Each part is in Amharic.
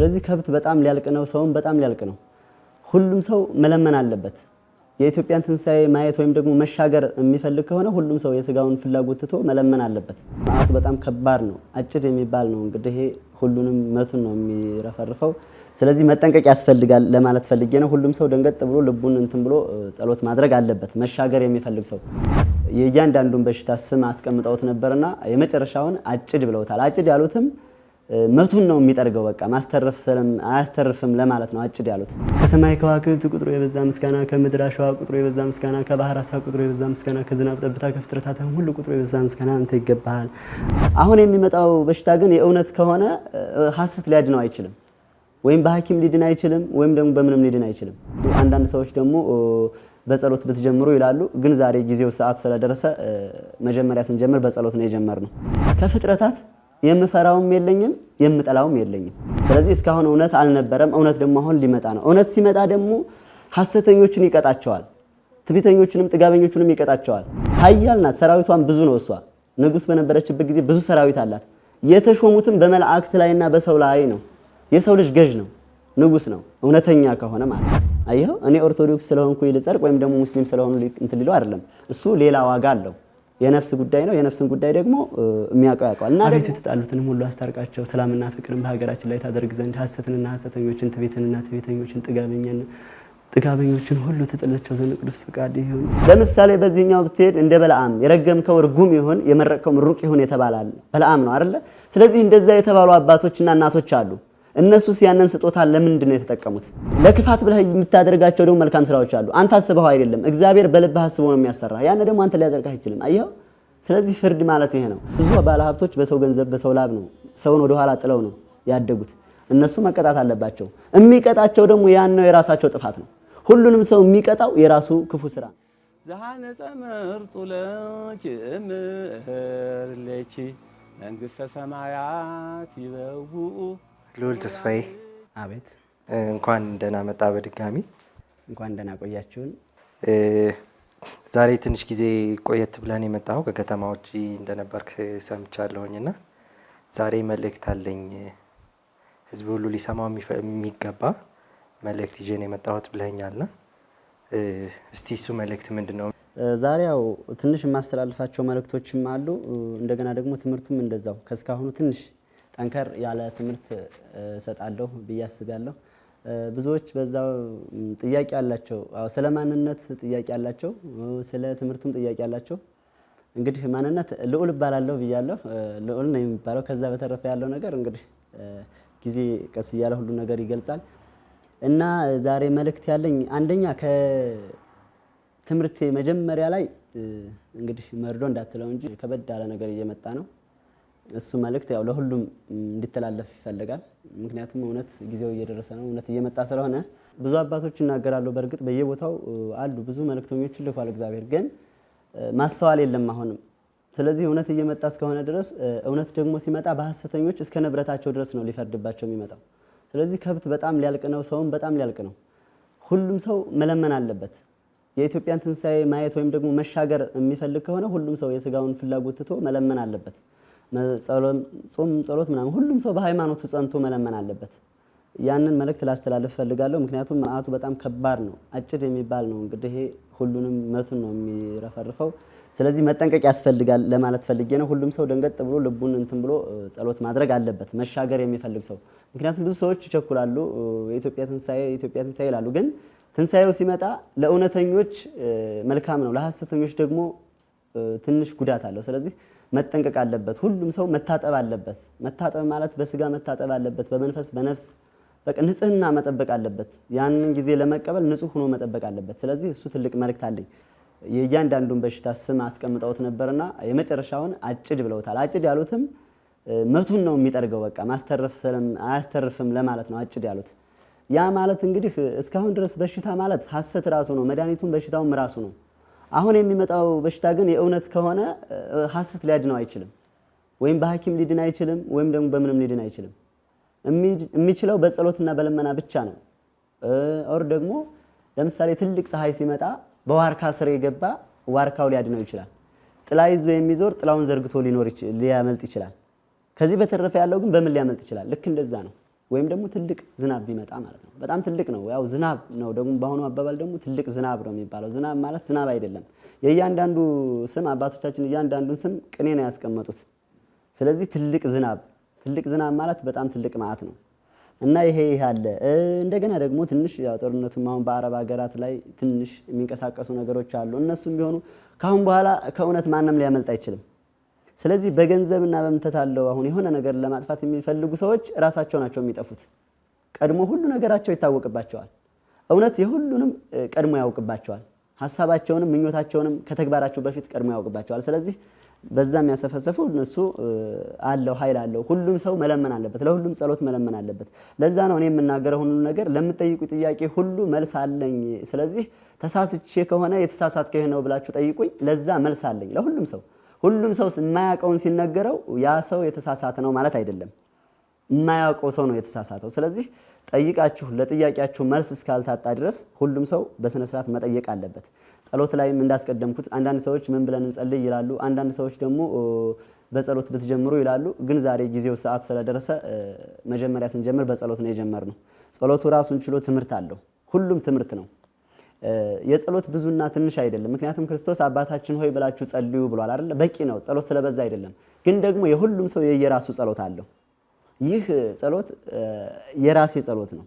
ስለዚህ ከብት በጣም ሊያልቅ ነው፣ ሰውም በጣም ሊያልቅ ነው። ሁሉም ሰው መለመን አለበት። የኢትዮጵያን ትንሳኤ ማየት ወይም ደግሞ መሻገር የሚፈልግ ከሆነ ሁሉም ሰው የስጋውን ፍላጎት ትቶ መለመን አለበት። መዓቱ በጣም ከባድ ነው፣ አጭድ የሚባል ነው። እንግዲህ ሁሉንም መቱን ነው የሚረፈርፈው። ስለዚህ መጠንቀቅ ያስፈልጋል ለማለት ፈልጌ ነው። ሁሉም ሰው ደንገጥ ብሎ ልቡን እንትን ብሎ ጸሎት ማድረግ አለበት፣ መሻገር የሚፈልግ ሰው። የእያንዳንዱን በሽታ ስም አስቀምጠውት ነበርና የመጨረሻውን አጭድ ብለውታል። አጭድ ያሉትም መቱን ነው የሚጠርገው። በቃ ማስተረፍ አያስተርፍም ለማለት ነው አጭድ ያሉት። ከሰማይ ከዋክብት ቁጥሩ የበዛ ምስጋና፣ ከምድር አሸዋ ቁጥሩ የበዛ ምስጋና፣ ከባህር አሳ ቁጥሩ የበዛ ምስጋና፣ ከዝናብ ጠብታ፣ ከፍጥረታትም ሁሉ ቁጥሩ የበዛ ምስጋና አንተ ይገባሃል። አሁን የሚመጣው በሽታ ግን የእውነት ከሆነ ሀሰት ሊያድነው አይችልም። ወይም በሐኪም ሊድን አይችልም፣ ወይም ደግሞ በምንም ሊድን አይችልም። አንዳንድ ሰዎች ደግሞ በጸሎት ብትጀምሩ ይላሉ። ግን ዛሬ ጊዜው ሰዓቱ ስለደረሰ መጀመሪያ ስንጀምር በጸሎት ነው የጀመርነው ከፍጥረታት የምፈራውም የለኝም የምጠላውም የለኝም። ስለዚህ እስካሁን እውነት አልነበረም። እውነት ደግሞ አሁን ሊመጣ ነው። እውነት ሲመጣ ደግሞ ሐሰተኞችን ይቀጣቸዋል፣ ትቢተኞችንም ጥጋበኞቹንም ይቀጣቸዋል። ኃያል ናት፣ ሰራዊቷን ብዙ ነው። እሷ ንጉሥ በነበረችበት ጊዜ ብዙ ሰራዊት አላት። የተሾሙትም በመላእክት ላይና በሰው ላይ ነው። የሰው ልጅ ገዥ ነው፣ ንጉሥ ነው። እውነተኛ ከሆነ ማለት አየኸው፣ እኔ ኦርቶዶክስ ስለሆንኩ ልጸድቅ ወይም ደግሞ ሙስሊም ስለሆኑ እንትን ሊለው አይደለም። እሱ ሌላ ዋጋ አለው። የነፍስ ጉዳይ ነው። የነፍስን ጉዳይ ደግሞ የሚያውቀው ያውቀዋል። እና አቤቱ የተጣሉትንም ሁሉ አስታርቃቸው፣ ሰላምና ፍቅርን በሀገራችን ላይ ታደርግ ዘንድ ሀሰትንና ሀሰተኞችን፣ ትቤትንና ትቤተኞችን ጥጋበኛን ጥጋበኞችን ሁሉ ትጥላቸው ዘንድ ቅዱስ ፍቃድ ይሁን። ለምሳሌ በዚህኛው ብትሄድ እንደ በለዓም የረገምከው ርጉም ይሁን የመረቅከው ምሩቅ ይሁን የተባላል በለዓም ነው አይደለ? ስለዚህ እንደዛ የተባሉ አባቶችና እናቶች አሉ። እነሱስ ያንን ስጦታ ለምንድን ነው የተጠቀሙት? ለክፋት ብለህ የምታደርጋቸው ደግሞ መልካም ስራዎች አሉ። አንተ አስበው አይደለም፣ እግዚአብሔር በልብህ አስቦ ነው የሚያሰራ። ያን ደግሞ አንተ ሊያደርግህ አይችልም። አየኸው? ስለዚህ ፍርድ ማለት ይሄ ነው። ብዙ ባለሀብቶች በሰው ገንዘብ፣ በሰው ላብ ነው ሰውን ወደኋላ ጥለው ነው ያደጉት። እነሱ መቀጣት አለባቸው። የሚቀጣቸው ደግሞ ያን ነው የራሳቸው ጥፋት ነው። ሁሉንም ሰው የሚቀጣው የራሱ ክፉ ስራ ነው። ዘሃነፀ መርጡ እምህር ለኪ ሰማያት ይበውኡ ልዑል ተስፋዬ አቤት። እንኳን ደህና መጣ በድጋሚ እንኳን ደህና ቆያችሁን። ዛሬ ትንሽ ጊዜ ቆየት ብለን የመጣው ከከተማ ውጭ እንደነበርክ ሰምቻለሁኝ እና ዛሬ መልእክት አለኝ ህዝብ ሁሉ ሊሰማው የሚገባ መልእክት ይዤ ነው የመጣሁት ና እስቲ እሱ መልእክት ምንድን ነው? ዛሬ ያው ትንሽ የማስተላልፋቸው መልእክቶችም አሉ። እንደገና ደግሞ ትምህርቱም እንደዛው ከእስካሁኑ ትንሽ ጠንከር ያለ ትምህርት እሰጣለሁ ብዬ አስባለሁ። ብዙዎች በዛ ጥያቄ አላቸው። ስለ ማንነት ጥያቄ አላቸው፣ ስለ ትምህርቱም ጥያቄ አላቸው። እንግዲህ ማንነት ልዑል እባላለሁ ብያለሁ። ልዑል ነው የሚባለው። ከዛ በተረፈ ያለው ነገር እንግዲህ ጊዜ ቀስ እያለ ሁሉ ነገር ይገልጻል እና ዛሬ መልእክት ያለኝ አንደኛ ከትምህርቴ መጀመሪያ ላይ እንግዲህ መርዶ እንዳትለው እንጂ ከበድ ያለ ነገር እየመጣ ነው እሱ መልእክት ያው ለሁሉም እንዲተላለፍ ይፈልጋል። ምክንያቱም እውነት ጊዜው እየደረሰ ነው፣ እውነት እየመጣ ስለሆነ ብዙ አባቶች ይናገራሉ። በእርግጥ በየቦታው አሉ፣ ብዙ መልእክተኞች ልኳል እግዚአብሔር፣ ግን ማስተዋል የለም አሁንም። ስለዚህ እውነት እየመጣ እስከሆነ ድረስ እውነት ደግሞ ሲመጣ በሐሰተኞች እስከ ንብረታቸው ድረስ ነው ሊፈርድባቸው የሚመጣው። ስለዚህ ከብት በጣም ሊያልቅ ነው፣ ሰውም በጣም ሊያልቅ ነው። ሁሉም ሰው መለመን አለበት። የኢትዮጵያን ትንሣኤ ማየት ወይም ደግሞ መሻገር የሚፈልግ ከሆነ ሁሉም ሰው የስጋውን ፍላጎት ትቶ መለመን አለበት። ጾም፣ ጸሎት ምናምን ሁሉም ሰው በሃይማኖቱ ጸንቶ መለመን አለበት። ያንን መልእክት ላስተላልፍ ፈልጋለሁ። ምክንያቱም መዓቱ በጣም ከባድ ነው፣ አጭድ የሚባል ነው። እንግዲህ ሁሉንም መቱን ነው የሚረፈርፈው። ስለዚህ መጠንቀቅ ያስፈልጋል ለማለት ፈልጌ ነው። ሁሉም ሰው ደንገጥ ብሎ ልቡን እንትን ብሎ ጸሎት ማድረግ አለበት፣ መሻገር የሚፈልግ ሰው። ምክንያቱም ብዙ ሰዎች ይቸኩላሉ። የኢትዮጵያ ትንሳኤ የኢትዮጵያ ትንሳኤ ይላሉ፣ ግን ትንሳኤው ሲመጣ ለእውነተኞች መልካም ነው፣ ለሐሰተኞች ደግሞ ትንሽ ጉዳት አለው። ስለዚህ መጠንቀቅ አለበት። ሁሉም ሰው መታጠብ አለበት። መታጠብ ማለት በስጋ መታጠብ አለበት፣ በመንፈስ በነፍስ በቃ ንጽህና መጠበቅ አለበት። ያንን ጊዜ ለመቀበል ንጹህ ሆኖ መጠበቅ አለበት። ስለዚህ እሱ ትልቅ መልእክት አለኝ። የእያንዳንዱን በሽታ ስም አስቀምጠውት ነበርና የመጨረሻውን አጭድ ብለውታል። አጭድ ያሉትም መቱን ነው የሚጠርገው፣ በቃ ማስተረፍ አያስተርፍም ለማለት ነው አጭድ ያሉት። ያ ማለት እንግዲህ እስካሁን ድረስ በሽታ ማለት ሀሰት ራሱ ነው፣ መድኃኒቱን በሽታውም ራሱ ነው። አሁን የሚመጣው በሽታ ግን የእውነት ከሆነ ሀሰት ሊያድነው አይችልም። ወይም በሐኪም ሊድን አይችልም፣ ወይም ደግሞ በምንም ሊድን አይችልም። የሚችለው በጸሎትና በልመና ብቻ ነው። ኦር ደግሞ ለምሳሌ ትልቅ ፀሐይ ሲመጣ በዋርካ ስር የገባ ዋርካው ሊያድነው ይችላል። ጥላ ይዞ የሚዞር ጥላውን ዘርግቶ ሊያመልጥ ይችላል። ከዚህ በተረፈ ያለው ግን በምን ሊያመልጥ ይችላል? ልክ እንደዛ ነው። ወይም ደግሞ ትልቅ ዝናብ ቢመጣ ማለት ነው። በጣም ትልቅ ነው። ያው ዝናብ ነው ደግሞ በአሁኑ አባባል ደግሞ ትልቅ ዝናብ ነው የሚባለው። ዝናብ ማለት ዝናብ አይደለም። የእያንዳንዱ ስም አባቶቻችን እያንዳንዱን ስም ቅኔ ነው ያስቀመጡት። ስለዚህ ትልቅ ዝናብ ትልቅ ዝናብ ማለት በጣም ትልቅ ማለት ነው እና ይሄ ይህ አለ። እንደገና ደግሞ ትንሽ ያው ጦርነቱም አሁን በአረብ ሀገራት ላይ ትንሽ የሚንቀሳቀሱ ነገሮች አሉ። እነሱም ቢሆኑ ከአሁን በኋላ ከእውነት ማንም ሊያመልጥ አይችልም። ስለዚህ በገንዘብና በምተት አለው አሁን የሆነ ነገር ለማጥፋት የሚፈልጉ ሰዎች ራሳቸው ናቸው የሚጠፉት። ቀድሞ ሁሉ ነገራቸው ይታወቅባቸዋል። እውነት የሁሉንም ቀድሞ ያውቅባቸዋል። ሀሳባቸውንም ምኞታቸውንም ከተግባራቸው በፊት ቀድሞ ያውቅባቸዋል። ስለዚህ በዛ የሚያሰፈሰፉ እነሱ አለው ኃይል አለው። ሁሉም ሰው መለመን አለበት፣ ለሁሉም ጸሎት መለመን አለበት። ለዛ ነው እኔ የምናገረው ሁሉ ነገር ለምትጠይቁ ጥያቄ ሁሉ መልስ አለኝ። ስለዚህ ተሳስቼ ከሆነ የተሳሳት ነው ብላችሁ ጠይቁኝ፣ ለዛ መልስ አለኝ ለሁሉም ሰው ሁሉም ሰው የማያውቀውን ሲነገረው ያ ሰው የተሳሳተ ነው ማለት አይደለም። የማያውቀው ሰው ነው የተሳሳተው። ስለዚህ ጠይቃችሁ ለጥያቄያችሁ መልስ እስካልታጣ ድረስ ሁሉም ሰው በስነ ስርዓት መጠየቅ አለበት። ጸሎት ላይም እንዳስቀደምኩት አንዳንድ ሰዎች ምን ብለን እንጸልይ ይላሉ። አንዳንድ ሰዎች ደግሞ በጸሎት ብትጀምሩ ይላሉ። ግን ዛሬ ጊዜው ሰዓቱ ስለደረሰ መጀመሪያ ስንጀምር በጸሎት ነው የጀመርነው። ጸሎቱ ራሱን ችሎ ትምህርት አለው። ሁሉም ትምህርት ነው። የጸሎት ብዙና ትንሽ አይደለም። ምክንያቱም ክርስቶስ አባታችን ሆይ ብላችሁ ጸልዩ ብሏል አይደለ? በቂ ነው ጸሎት ስለበዛ አይደለም። ግን ደግሞ የሁሉም ሰው የየራሱ ጸሎት አለው። ይህ ጸሎት የራሴ ጸሎት ነው።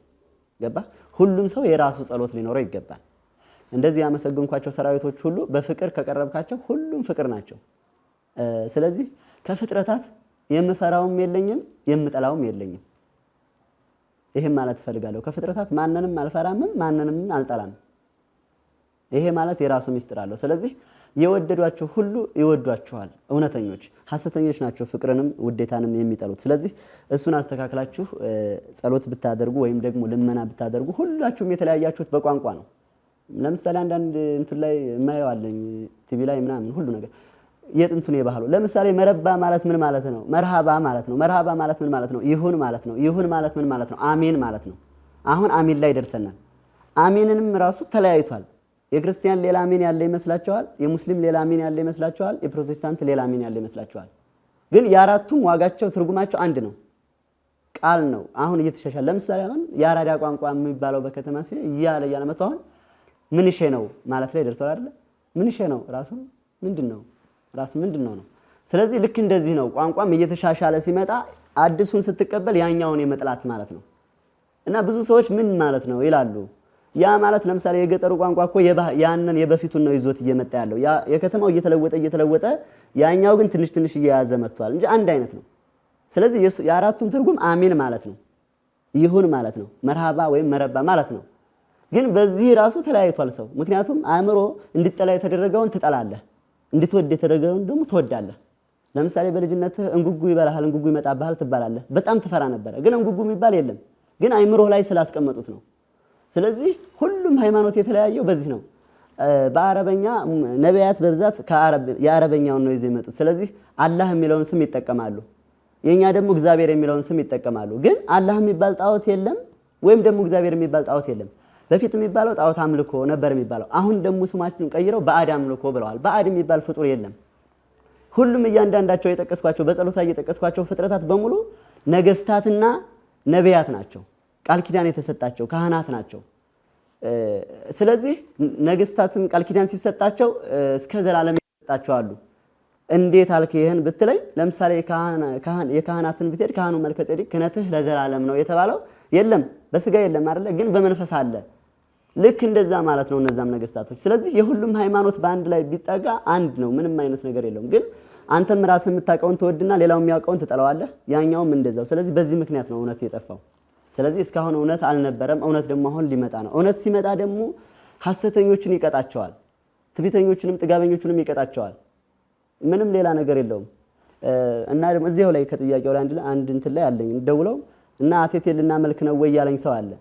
ገባ? ሁሉም ሰው የራሱ ጸሎት ሊኖረው ይገባል። እንደዚህ ያመሰግንኳቸው ሰራዊቶች ሁሉ በፍቅር ከቀረብካቸው ሁሉም ፍቅር ናቸው። ስለዚህ ከፍጥረታት የምፈራውም የለኝም የምጠላውም የለኝም። ይህም ማለት እፈልጋለሁ። ከፍጥረታት ማንንም አልፈራምም ማንንም አልጠላም። ይሄ ማለት የራሱ ሚስጥር አለው። ስለዚህ የወደዷቸው ሁሉ ይወዷችኋል። እውነተኞች ሐሰተኞች ናቸው ፍቅርንም ውዴታንም የሚጠሉት። ስለዚህ እሱን አስተካክላችሁ ጸሎት ብታደርጉ ወይም ደግሞ ልመና ብታደርጉ፣ ሁላችሁም የተለያያችሁት በቋንቋ ነው። ለምሳሌ አንዳንድ እንትን ላይ የማየዋለኝ ቲቪ ላይ ምናምን ሁሉ ነገር የጥንቱን የባህሉ ለምሳሌ መረባ ማለት ምን ማለት ነው? መርሃባ ማለት ነው። መርሃባ ማለት ምን ማለት ነው? ይሁን ማለት ነው። ይሁን ማለት ምን ማለት ነው? አሜን ማለት ነው። አሁን አሜን ላይ ደርሰናል። አሜንንም ራሱ ተለያይቷል። የክርስቲያን ሌላ ሚን ያለ ይመስላችኋል? የሙስሊም ሌላ ሚን ያለ ይመስላችኋል? የፕሮቴስታንት ሌላ ሚን ያለ ይመስላችኋል? ግን የአራቱም ዋጋቸው ትርጉማቸው አንድ ነው። ቃል ነው። አሁን እየተሻሻለ ለምሳሌ አሁን የአራዳ ቋንቋ የሚባለው በከተማ ሲ እያለ እያለ መጥቶ አሁን ምንሼ ነው ማለት ላይ ደርሷል አይደለ? ምንሼ ነው ራሱ ምንድን ነው ራሱ ምንድን ነው ነው። ስለዚህ ልክ እንደዚህ ነው። ቋንቋም እየተሻሻለ ሲመጣ አዲሱን ስትቀበል ያኛውን የመጥላት ማለት ነው። እና ብዙ ሰዎች ምን ማለት ነው ይላሉ ያ ማለት ለምሳሌ የገጠሩ ቋንቋ እኮ ያንን የበፊቱን ነው ይዞት እየመጣ ያለው። የከተማው እየተለወጠ እየተለወጠ ያኛው ግን ትንሽ ትንሽ እየያዘ መጥቷል እንጂ አንድ አይነት ነው። ስለዚህ የአራቱም ትርጉም አሚን ማለት ነው፣ ይሁን ማለት ነው፣ መርሃባ ወይም መረባ ማለት ነው። ግን በዚህ ራሱ ተለያይቷል ሰው። ምክንያቱም አእምሮ እንድጠላ የተደረገውን ትጠላለህ፣ እንድትወድ የተደረገውን ደግሞ ትወዳለህ። ለምሳሌ በልጅነትህ እንጉጉ ይበላሃል፣ እንጉጉ ይመጣብሃል ትባላለህ። በጣም ትፈራ ነበረ፣ ግን እንጉጉ የሚባል የለም። ግን አእምሮህ ላይ ስላስቀመጡት ነው። ስለዚህ ሁሉም ሃይማኖት የተለያየው በዚህ ነው። በአረበኛ ነቢያት በብዛት የአረበኛውን ነው ይዘው የመጡት። ስለዚህ አላህ የሚለውን ስም ይጠቀማሉ። የእኛ ደግሞ እግዚአብሔር የሚለውን ስም ይጠቀማሉ። ግን አላህ የሚባል ጣዖት የለም፣ ወይም ደግሞ እግዚአብሔር የሚባል ጣዖት የለም። በፊት የሚባለው ጣዖት አምልኮ ነበር የሚባለው። አሁን ደግሞ ስማችን ቀይረው በአድ አምልኮ ብለዋል። በአድ የሚባል ፍጡር የለም። ሁሉም እያንዳንዳቸው የጠቀስኳቸው በጸሎት ላይ የጠቀስኳቸው ፍጥረታት በሙሉ ነገስታትና ነቢያት ናቸው። ቃል ኪዳን የተሰጣቸው ካህናት ናቸው። ስለዚህ ነገስታትም ቃል ኪዳን ሲሰጣቸው እስከ ዘላለም የተሰጣቸው አሉ። እንዴት አልክ ይህን ብትለኝ፣ ለምሳሌ የካህናትን ብትሄድ ካህኑ መልከ ክህነትህ ለዘላለም ነው የተባለው የለም፣ በስጋ የለም አይደለ፣ ግን በመንፈስ አለ። ልክ እንደዛ ማለት ነው እነዛም ነገስታቶች። ስለዚህ የሁሉም ሃይማኖት በአንድ ላይ ቢጠጋ አንድ ነው፣ ምንም አይነት ነገር የለውም። ግን አንተም ራስህ የምታውቀውን ትወድና ሌላው የሚያውቀውን ትጠላዋለህ፣ ያኛውም እንደዛው። ስለዚህ በዚህ ምክንያት ነው እውነት የጠፋው። ስለዚህ እስካሁን እውነት አልነበረም፣ እውነት ደግሞ አሁን ሊመጣ ነው። እውነት ሲመጣ ደግሞ ሐሰተኞችን ይቀጣቸዋል፣ ትቢተኞችንም ጥጋበኞችንም ይቀጣቸዋል። ምንም ሌላ ነገር የለውም። እና ደግሞ እዚያው ላይ ከጥያቄው ላይ አንድ እንትን ላይ አለኝ ደውለው እና አቴቴ ልናመልክ ነው ወይ ያለኝ ሰው አለ።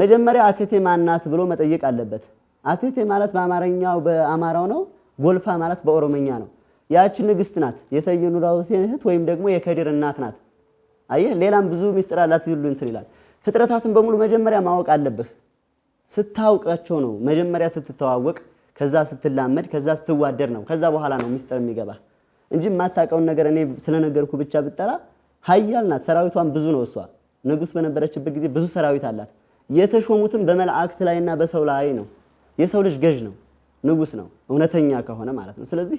መጀመሪያ አቴቴ ማናት ብሎ መጠየቅ አለበት። አቴቴ ማለት በአማርኛው በአማራው ነው፣ ጎልፋ ማለት በኦሮመኛ ነው። ያቺ ንግስት ናት፣ የሰየኑ ራውሴን እህት ወይም ደግሞ የከድር እናት ናት። አየህ ሌላም ብዙ ሚስጥር አላት ይሉ እንትን ይላል። ፍጥረታትን በሙሉ መጀመሪያ ማወቅ አለብህ። ስታውቃቸው ነው መጀመሪያ ስትተዋወቅ፣ ከዛ ስትላመድ፣ ከዛ ስትዋደር ነው። ከዛ በኋላ ነው ሚስጥር የሚገባ እንጂ የማታውቀውን ነገር እኔ ስለነገርኩ ብቻ ብጠራ ሀያል ናት። ሰራዊቷን ብዙ ነው። እሷ ንጉስ በነበረችበት ጊዜ ብዙ ሰራዊት አላት። የተሾሙትም በመላእክት ላይና በሰው ላይ ነው። የሰው ልጅ ገዥ ነው፣ ንጉስ ነው፣ እውነተኛ ከሆነ ማለት ነው። ስለዚህ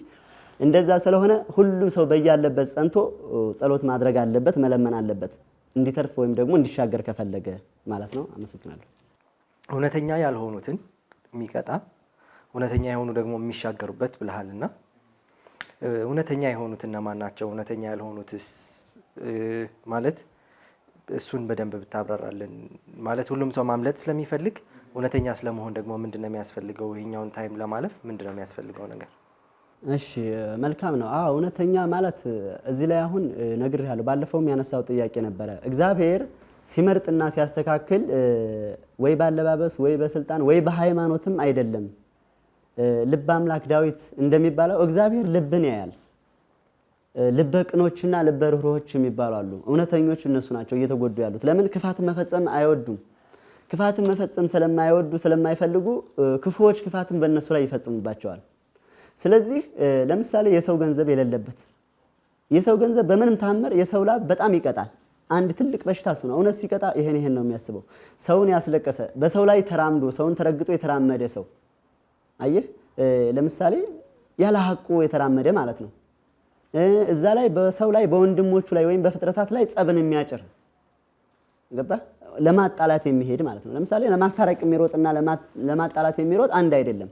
እንደዛ ስለሆነ ሁሉም ሰው በያለበት ጸንቶ ጸሎት ማድረግ አለበት፣ መለመን አለበት። እንዲተርፍ ወይም ደግሞ እንዲሻገር ከፈለገ ማለት ነው። አመሰግናለሁ። እውነተኛ ያልሆኑትን የሚቀጣ እውነተኛ የሆኑ ደግሞ የሚሻገሩበት ብልሃልና እውነተኛ የሆኑት እነማን ናቸው? እውነተኛ ያልሆኑትስ ማለት እሱን በደንብ ብታብራራለን። ማለት ሁሉም ሰው ማምለጥ ስለሚፈልግ እውነተኛ ስለመሆን ደግሞ ምንድን ነው የሚያስፈልገው? ይሄኛውን ታይም ለማለፍ ምንድነው ነው የሚያስፈልገው ነገር እሺ መልካም ነው። አዎ እውነተኛ ማለት እዚህ ላይ አሁን ነግሬሃለሁ። ባለፈውም ያነሳው ጥያቄ ነበረ። እግዚአብሔር ሲመርጥና ሲያስተካክል ወይ ባለባበስ ወይ በስልጣን ወይ በሃይማኖትም አይደለም። ልብ አምላክ ዳዊት እንደሚባለው እግዚአብሔር ልብን ያያል። ልበ ቅኖችና ልበ ርኅሮች የሚባሉ አሉ። እውነተኞች እነሱ ናቸው እየተጎዱ ያሉት። ለምን ክፋትን መፈጸም አይወዱም። ክፋትን መፈጸም ስለማይወዱ ስለማይፈልጉ ክፉዎች ክፋትን በእነሱ ላይ ይፈጽሙባቸዋል። ስለዚህ ለምሳሌ የሰው ገንዘብ የሌለበት የሰው ገንዘብ በምንም ታምር የሰው ላብ በጣም ይቀጣል። አንድ ትልቅ በሽታ እሱ ነው። እውነት ሲቀጣ ይሄን ይሄን ነው የሚያስበው። ሰውን ያስለቀሰ በሰው ላይ ተራምዶ ሰውን ተረግጦ የተራመደ ሰው አየህ፣ ለምሳሌ ያለ ሐቁ የተራመደ ማለት ነው። እዛ ላይ በሰው ላይ በወንድሞቹ ላይ ወይም በፍጥረታት ላይ ጸብን የሚያጭር ገባ ለማጣላት የሚሄድ ማለት ነው። ለምሳሌ ለማስታረቅ የሚሮጥና ለማጣላት የሚሮጥ አንድ አይደለም።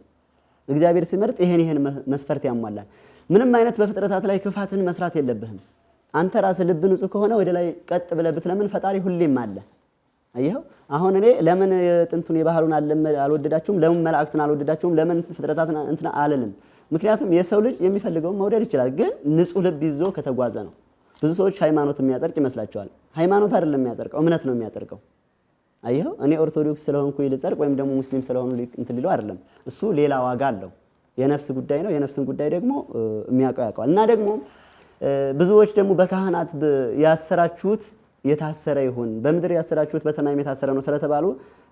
እግዚአብሔር ሲመርጥ ይሄን ይሄን መስፈርት ያሟላል። ምንም አይነት በፍጥረታት ላይ ክፋትን መስራት የለብህም። አንተ ራስህ ልብ ንጹህ ከሆነ ወደ ላይ ቀጥ ብለህ ብትለምን ፈጣሪ ሁሌም አለ። አየኸው? አሁን እኔ ለምን ጥንቱን የባህሩን አልወደዳችሁም? ለምን መላእክትን አልወደዳችሁም? ለምን ፍጥረታትን እንትና አልልም። ምክንያቱም የሰው ልጅ የሚፈልገውን መውደድ ይችላል፣ ግን ንጹህ ልብ ይዞ ከተጓዘ ነው። ብዙ ሰዎች ሃይማኖት የሚያጸድቅ ይመስላቸዋል። ሃይማኖት አይደለም የሚያጸድቀው፣ እምነት ነው የሚያጸድቀው። አየኸው እኔ ኦርቶዶክስ ስለሆንኩ ልጸድቅ ወይም ደግሞ ሙስሊም ስለሆኑ እንትን ሊለው አይደለም። እሱ ሌላ ዋጋ አለው። የነፍስ ጉዳይ ነው። የነፍስን ጉዳይ ደግሞ የሚያውቀው ያውቀዋል። እና ደግሞ ብዙዎች ደግሞ በካህናት ያሰራችሁት የታሰረ ይሁን በምድር ያሰራችሁት በሰማይም የታሰረ ነው ስለተባሉ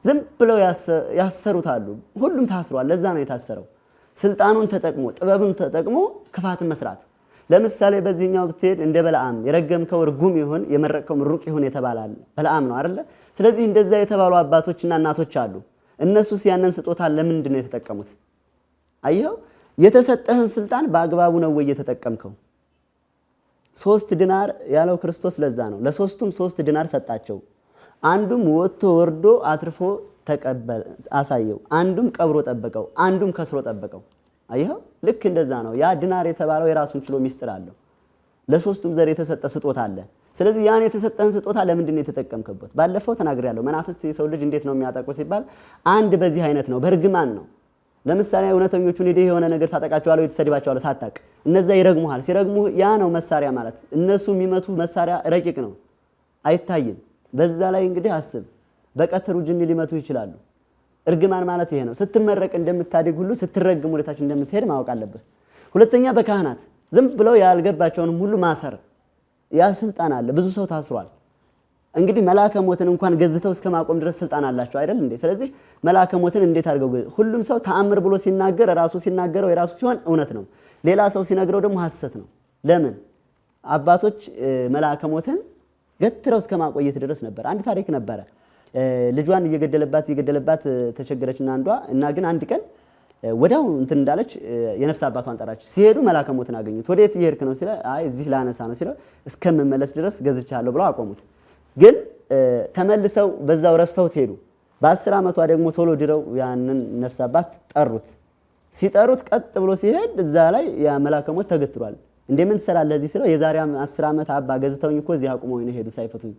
ዝም ብለው ያሰሩታሉ። ሁሉም ታስሯል። ለዛ ነው የታሰረው። ስልጣኑን ተጠቅሞ ጥበብን ተጠቅሞ ክፋትን መስራት። ለምሳሌ በዚህኛው ብትሄድ እንደ በለዓም የረገምከው ርጉም ይሁን የመረቅከው ምሩቅ ይሁን የተባላል። በለዓም ነው አይደለ? ስለዚህ እንደዛ የተባሉ አባቶችና እናቶች አሉ። እነሱስ ያንን ስጦታ ለምንድን ነው የተጠቀሙት? አየኸው፣ የተሰጠህን ስልጣን በአግባቡ ነው ወይ የተጠቀምከው? ሶስት ድናር ያለው ክርስቶስ ለዛ ነው። ለሶስቱም ሶስት ድናር ሰጣቸው። አንዱም ወጥቶ ወርዶ አትርፎ ተቀበል አሳየው፣ አንዱም ቀብሮ ጠበቀው፣ አንዱም ከስሮ ጠበቀው። አየኸው፣ ልክ እንደዛ ነው። ያ ድናር የተባለው የራሱን ችሎ ሚስጥር አለው። ለሶስቱም ዘር የተሰጠ ስጦታ አለ። ስለዚህ ያን የተሰጠህን ስጦታ ለምንድን ነው የተጠቀምክበት? ባለፈው ያለው መናፍስት የሰው ልጅ እንዴት ነው የሚያጠቁ ሲባል አንድ በዚህ አይነት ነው፣ በእርግማን ነው። ለምሳሌ እውነተኞቹን ሄደህ የሆነ ነገር ታጠቃቸዋለህ፣ የተሰድባቸዋለህ ሳታቅ፣ እነዛ ይረግሙሃል። ሲረግሙ ያ ነው መሳሪያ ማለት። እነሱ የሚመቱ መሳሪያ ረቂቅ ነው፣ አይታይም። በዛ ላይ እንግዲህ አስብ፣ በቀትሩ ጅን ሊመቱ ይችላሉ። እርግማን ማለት ይሄ ነው። ስትመረቅ እንደምታድግ ሁሉ ስትረግም ወደታች እንደምትሄድ ማወቅ አለብህ። ሁለተኛ በካህናት ዝም ብለው ያልገባቸውንም ሁሉ ማሰር ያ ስልጣን አለ። ብዙ ሰው ታስሯል። እንግዲህ መልአከ ሞትን እንኳን ገዝተው እስከ ማቆም ድረስ ስልጣን አላቸው አይደል እንዴ? ስለዚህ መልአከ ሞትን እንዴት አድርገው ሁሉም ሰው ተአምር ብሎ ሲናገር ራሱ ሲናገረው የራሱ ሲሆን እውነት ነው። ሌላ ሰው ሲነግረው ደግሞ ሐሰት ነው። ለምን አባቶች መልአከ ሞትን ገትረው እስከ ማቆየት ድረስ ነበር። አንድ ታሪክ ነበረ። ልጇን እየገደለባት እየገደለባት እና አንዷ እና ግን አንድ ቀን ወዲያው እንትን እንዳለች የነፍስ አባቷን ጠራች። ሲሄዱ መላከ ሞትን አገኙት። ወደ የት እየሄድክ ነው ሲለ አይ እዚህ ላነሳ ነው ሲለ እስከምመለስ ድረስ ገዝቻለሁ ብለው አቆሙት። ግን ተመልሰው በዛው ረስተውት ሄዱ። በአስር ዓመቷ ደግሞ ቶሎ ድረው ያንን ነፍስ አባት ጠሩት። ሲጠሩት ቀጥ ብሎ ሲሄድ እዛ ላይ ያ መልአከ ሞት ተገትሯል። እንደምን ትሰራለህ እዚህ ሲለው የዛሬ አስር ዓመት አባ ገዝተውኝ እኮ እዚህ አቁመው ነው ሄዱ ሳይፈቱኝ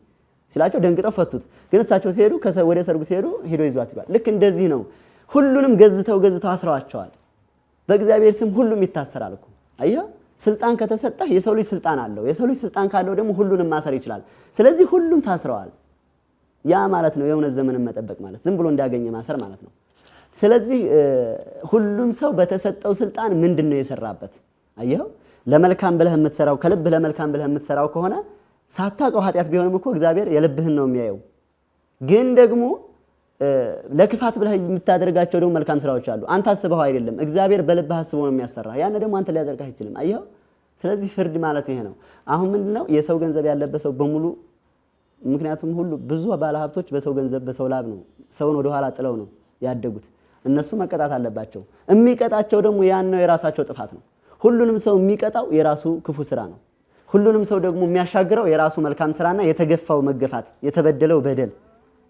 ሲላቸው ደንግጠው ፈቱት። ግን እሳቸው ሲሄዱ ወደ ሰርጉ ሲሄዱ ሄዶ ይዟት ይባል ልክ እንደዚህ ነው ሁሉንም ገዝተው ገዝተው አስረዋቸዋል። በእግዚአብሔር ስም ሁሉም ይታሰራል እኮ አየህ። ስልጣን ከተሰጠህ የሰው ልጅ ስልጣን አለው። የሰው ልጅ ስልጣን ካለው ደግሞ ሁሉንም ማሰር ይችላል። ስለዚህ ሁሉም ታስረዋል። ያ ማለት ነው የእውነት ዘመንን መጠበቅ ማለት ዝም ብሎ እንዳገኘ ማሰር ማለት ነው። ስለዚህ ሁሉም ሰው በተሰጠው ስልጣን ምንድን ነው የሰራበት? አየኸው። ለመልካም ብለህ የምትሰራው ከልብ ለመልካም ብለህ የምትሰራው ከሆነ ሳታውቀው ኃጢአት ቢሆንም እኮ እግዚአብሔር የልብህን ነው የሚያየው ግን ደግሞ ለክፋት ብለህ የምታደርጋቸው ደግሞ መልካም ስራዎች አሉ። አንተ አስበኸው አይደለም፣ እግዚአብሔር በልብህ አስበው ነው የሚያሰራ። ያን ደግሞ አንተ ሊያደርግህ አይችልም። አየኸው። ስለዚህ ፍርድ ማለት ይሄ ነው። አሁን ምንድነው የሰው ገንዘብ ያለበት ሰው በሙሉ ምክንያቱም ሁሉ ብዙ ባለሀብቶች በሰው ገንዘብ በሰው ላብ ነው ሰውን ወደኋላ ጥለው ነው ያደጉት። እነሱ መቀጣት አለባቸው። የሚቀጣቸው ደግሞ ያን ነው የራሳቸው ጥፋት ነው። ሁሉንም ሰው የሚቀጣው የራሱ ክፉ ስራ ነው። ሁሉንም ሰው ደግሞ የሚያሻግረው የራሱ መልካም ስራና የተገፋው መገፋት፣ የተበደለው በደል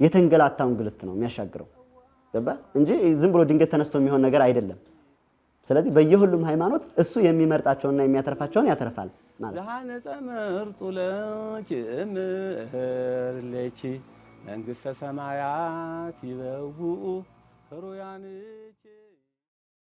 የተንገላታውን ግልት ነው የሚያሻግረው ገባ እንጂ ዝም ብሎ ድንገት ተነስቶ የሚሆን ነገር አይደለም። ስለዚህ በየሁሉም ሃይማኖት እሱ የሚመርጣቸውና የሚያተርፋቸውን ያተርፋል ማለት መርጡ ለንቺ እምህር ለኪ መንግሥተ ሰማያት ይበውኡ